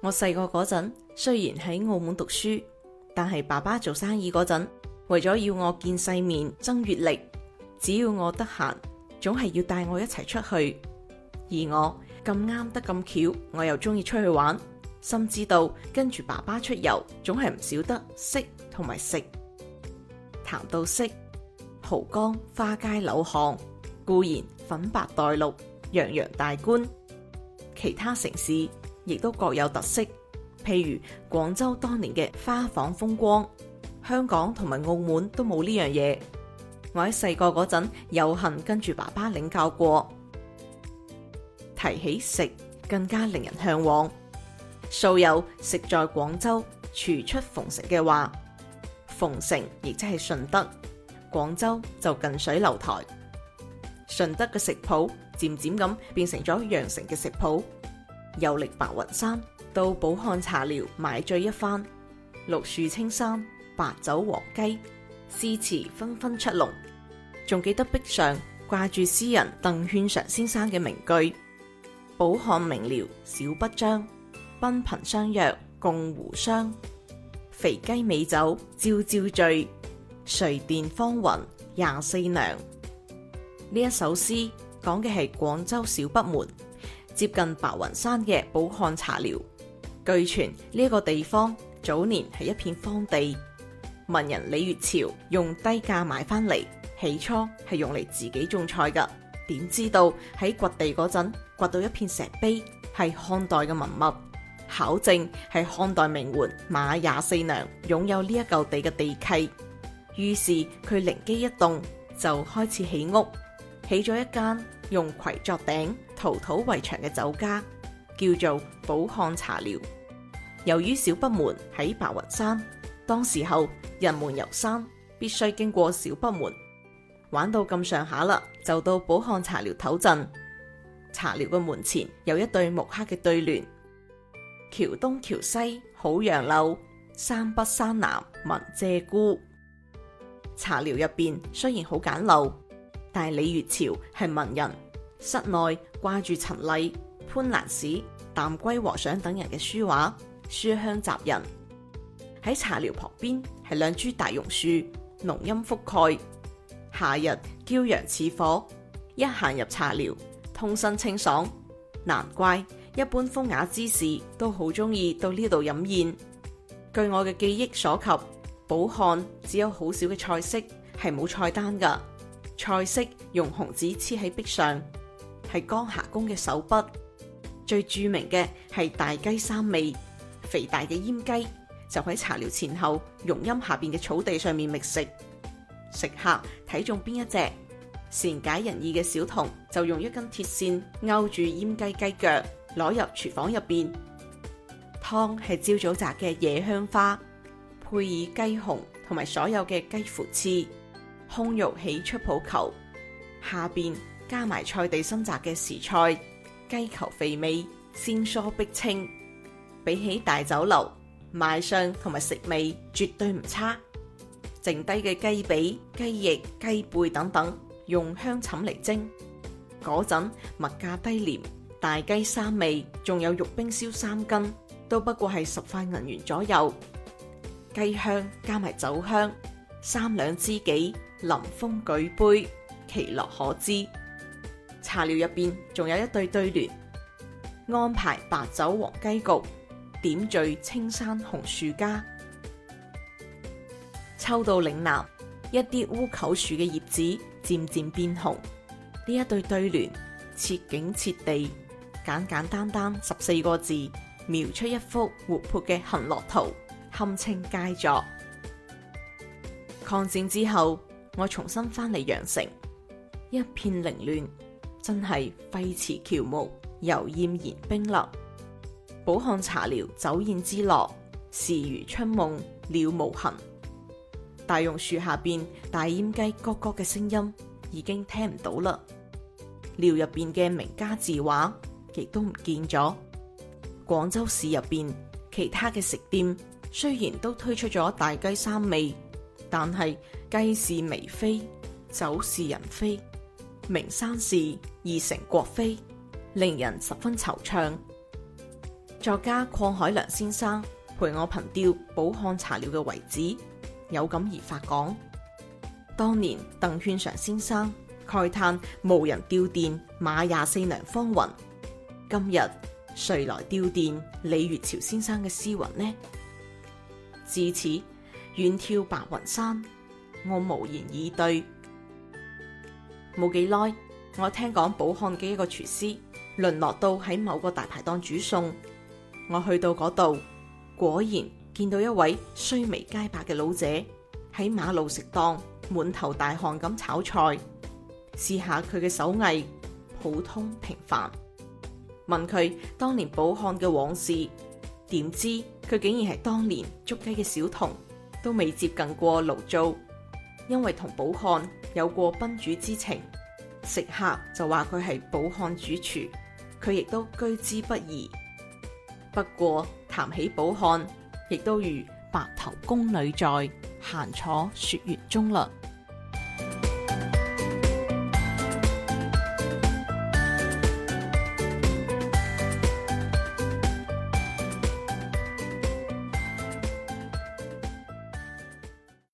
我細個嗰陣，雖然喺澳門讀書，但係爸爸做生意嗰陣，為咗要我見世面、增閱歷，只要我得閒，總係要帶我一齊出去。而我咁啱得咁巧，我又中意出去玩，心知道跟住爸爸出遊，總係唔少得色同埋食。談到色，濠江花街柳巷固然粉白黛綠，洋洋大觀；其他城市，亦都各有特色，譬如廣州當年嘅花舫風光，香港同埋澳門都冇呢樣嘢。我喺細個嗰陣有幸跟住爸爸領教過。提起食，更加令人嚮往。素有食在廣州，廚出鳳城嘅話，鳳城亦即係順德，廣州就近水樓台。順德嘅食譜漸漸咁變成咗羊城嘅食譜。遊歷白雲山，到寶漢茶寮買醉一番。綠樹青山，白酒黃雞，詩詞紛紛出籠。仲記得壁上掛住詩人鄧絢裳先生嘅名句：寶漢名寮小北張，賓朋相約共壺觴。肥雞美酒朝朝醉，誰奠芳魂廿四娘。呢一首詩講嘅係廣州小北門。接近白雲山嘅寶漢茶寮，據傳呢一個地方早年係一片荒地，文人李月樵用低價買翻嚟，起初係用嚟自己種菜噶。點知道喺掘地嗰陣掘到一片石碑，係漢代嘅文物，考證係漢代名媛馬廿四娘擁有呢一嚿地嘅地契。於是佢靈機一動，就開始起屋，起咗一間。用葵作頂、陶土圍牆嘅酒家，叫做寶漢茶寮。由於小北門喺白雲山，當時候人們遊山必須經過小北門。玩到咁上下啦，就到寶漢茶寮唞陣。茶寮嘅門前有一對木刻嘅對聯：橋東橋西好楊柳，山北山南聞鷓鴣。茶寮入邊雖然好簡陋。大但李月樵係文人，室內掛住陳澧、潘蘭史、淡歸和尚等人嘅書畫，書香襲人。喺茶寮旁邊係兩株大榕樹，濃蔭覆蓋，夏日驕陽似火，一行入茶寮，通身清爽。難怪一般風雅之士都好中意到呢度飲宴。據我嘅記憶所及，寶漢只有好少嘅菜式係冇菜單㗎。菜式用紅紙黐喺壁上，係江霞公嘅手筆。最著名嘅係大雞三味，肥大嘅閹雞就喺茶寮前後榕蔭下邊嘅草地上面覓食。食客睇中邊一隻，善解人意嘅小童就用一根鐵線勾住閹雞雞腳，攞入廚房入邊。湯係朝早摘嘅夜香花，配以雞紅同埋所有嘅雞扶翅。胸肉起出泡球，下邊加埋菜地新摘嘅時菜，雞球肥美，鮮蔬碧青。比起大酒樓，賣相同埋食味絕對唔差。剩低嘅雞髀、雞翼、雞背等等，用香蕈嚟蒸。嗰陣物價低廉，大雞三味仲有玉冰燒三斤，都不過係十塊銀元左右。雞香加埋酒香，三兩知己。臨風舉杯，其樂可知。茶寮入邊，仲有一對對聯：安排白酒黃雞局，點綴青山紅樹家。秋到嶺南，一啲烏桕樹嘅葉子漸漸變紅。呢一對對聯，切景切地，簡簡單單十四個字，描出一幅活潑嘅行樂圖，堪稱佳作。抗戰之後，我重新翻嚟羊城，一片凌亂，真係廢池喬木，猶厭言兵了。寶漢茶寮酒宴之樂，事如春夢了無痕。大榕樹下邊大閹雞咯咯嘅聲音已經聽唔到啦。寮入邊嘅名家字畫亦都唔見咗。廣州市入邊其他嘅食店雖然都推出咗大雞三味。但係，雞是味非，酒是人非，名山是而城郭非，令人十分惆悵。作家鄺海量先生陪我憑吊寶漢茶寮嘅遺址，有感而發講：當年鄧絢裳先生慨嘆無人吊奠馬廿四娘芳魂，今日誰來吊奠李月樵先生嘅詩魂呢？至此。遠眺白雲山，我無言以對。冇幾耐，我聽講，寶漢嘅一個廚師淪落到喺某個大排檔煮餸。我去到嗰度，果然見到一位鬚眉皆白嘅老者喺馬路食檔，滿頭大汗咁炒菜。試下佢嘅手藝，普通平凡。問佢當年寶漢嘅往事，點知佢竟然係當年捉雞嘅小童，都未接近過爐灶，因為同寶漢有過賓主之情，食客就話佢係寶漢主廚，佢亦都居之不疑。不過，談起寶漢，亦都如白頭宮女在，閒坐說玄宗了。